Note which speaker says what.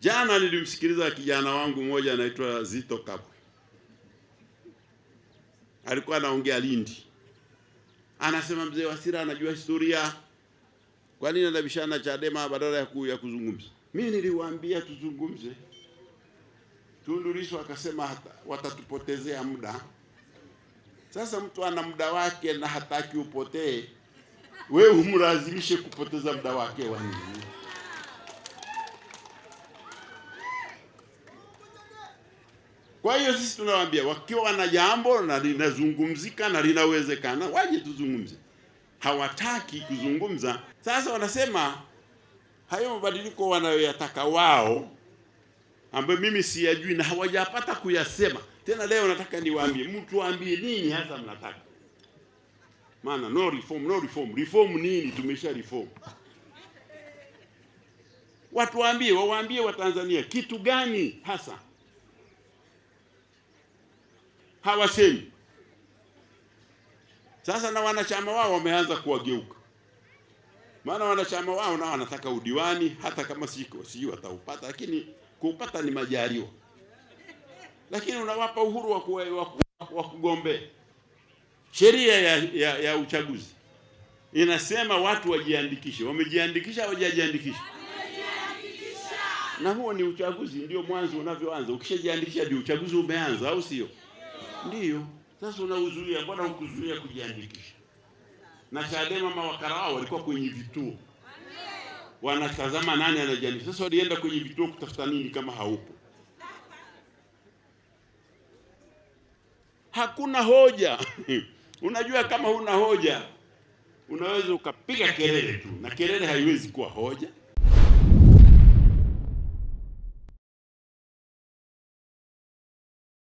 Speaker 1: Jana nilimsikiliza kijana wangu mmoja anaitwa Zito Kabwe, alikuwa anaongea Lindi, anasema mzee Wasira anajua historia, kwa nini anabishana Chadema badala ya kuya kuzungumza? Mimi niliwaambia tuzungumze. Tundu Lissu akasema hata watatupotezea muda. Sasa mtu ana muda wake na hataki upotee, wewe umlazimishe kupoteza muda wake wa nini? Kwa hiyo sisi tunawaambia wakiwa wana jambo na linazungumzika na linawezekana, waje tuzungumze. Hawataki kuzungumza. Sasa wanasema hayo mabadiliko wanayoyataka wao ambayo mimi siyajui na hawajapata kuyasema. Tena leo nataka niwaambie, mtu nini hasa mnataka? Maana no reform, no reform. Reform nini? Tumesha reform. Watuambie, wawaambie Watanzania kitu gani hasa hawasemi. Sasa na wanachama wao wameanza kuwageuka, maana wanachama wao nao wanataka udiwani, hata kama siko sijui wataupata, lakini kuupata ni majaliwa, lakini unawapa uhuru wa wa kugombea. Sheria ya, ya, ya uchaguzi inasema watu wajiandikishe. Wamejiandikisha, hawajajiandikisha? Na huo ni uchaguzi, ndio mwanzo unavyoanza. Ukishajiandikisha ndio uchaguzi umeanza, au sio? Ndiyo, sasa unauzuia, bwana hukuzuia kujiandikisha. Na Chadema mawakarao walikuwa kwenye vituo wanatazama nani anajiandikisha. Sasa walienda kwenye vituo kutafuta nini kama haupo? Hakuna hoja unajua, kama huna hoja unaweza ukapiga kelele tu, na kelele haiwezi kuwa hoja.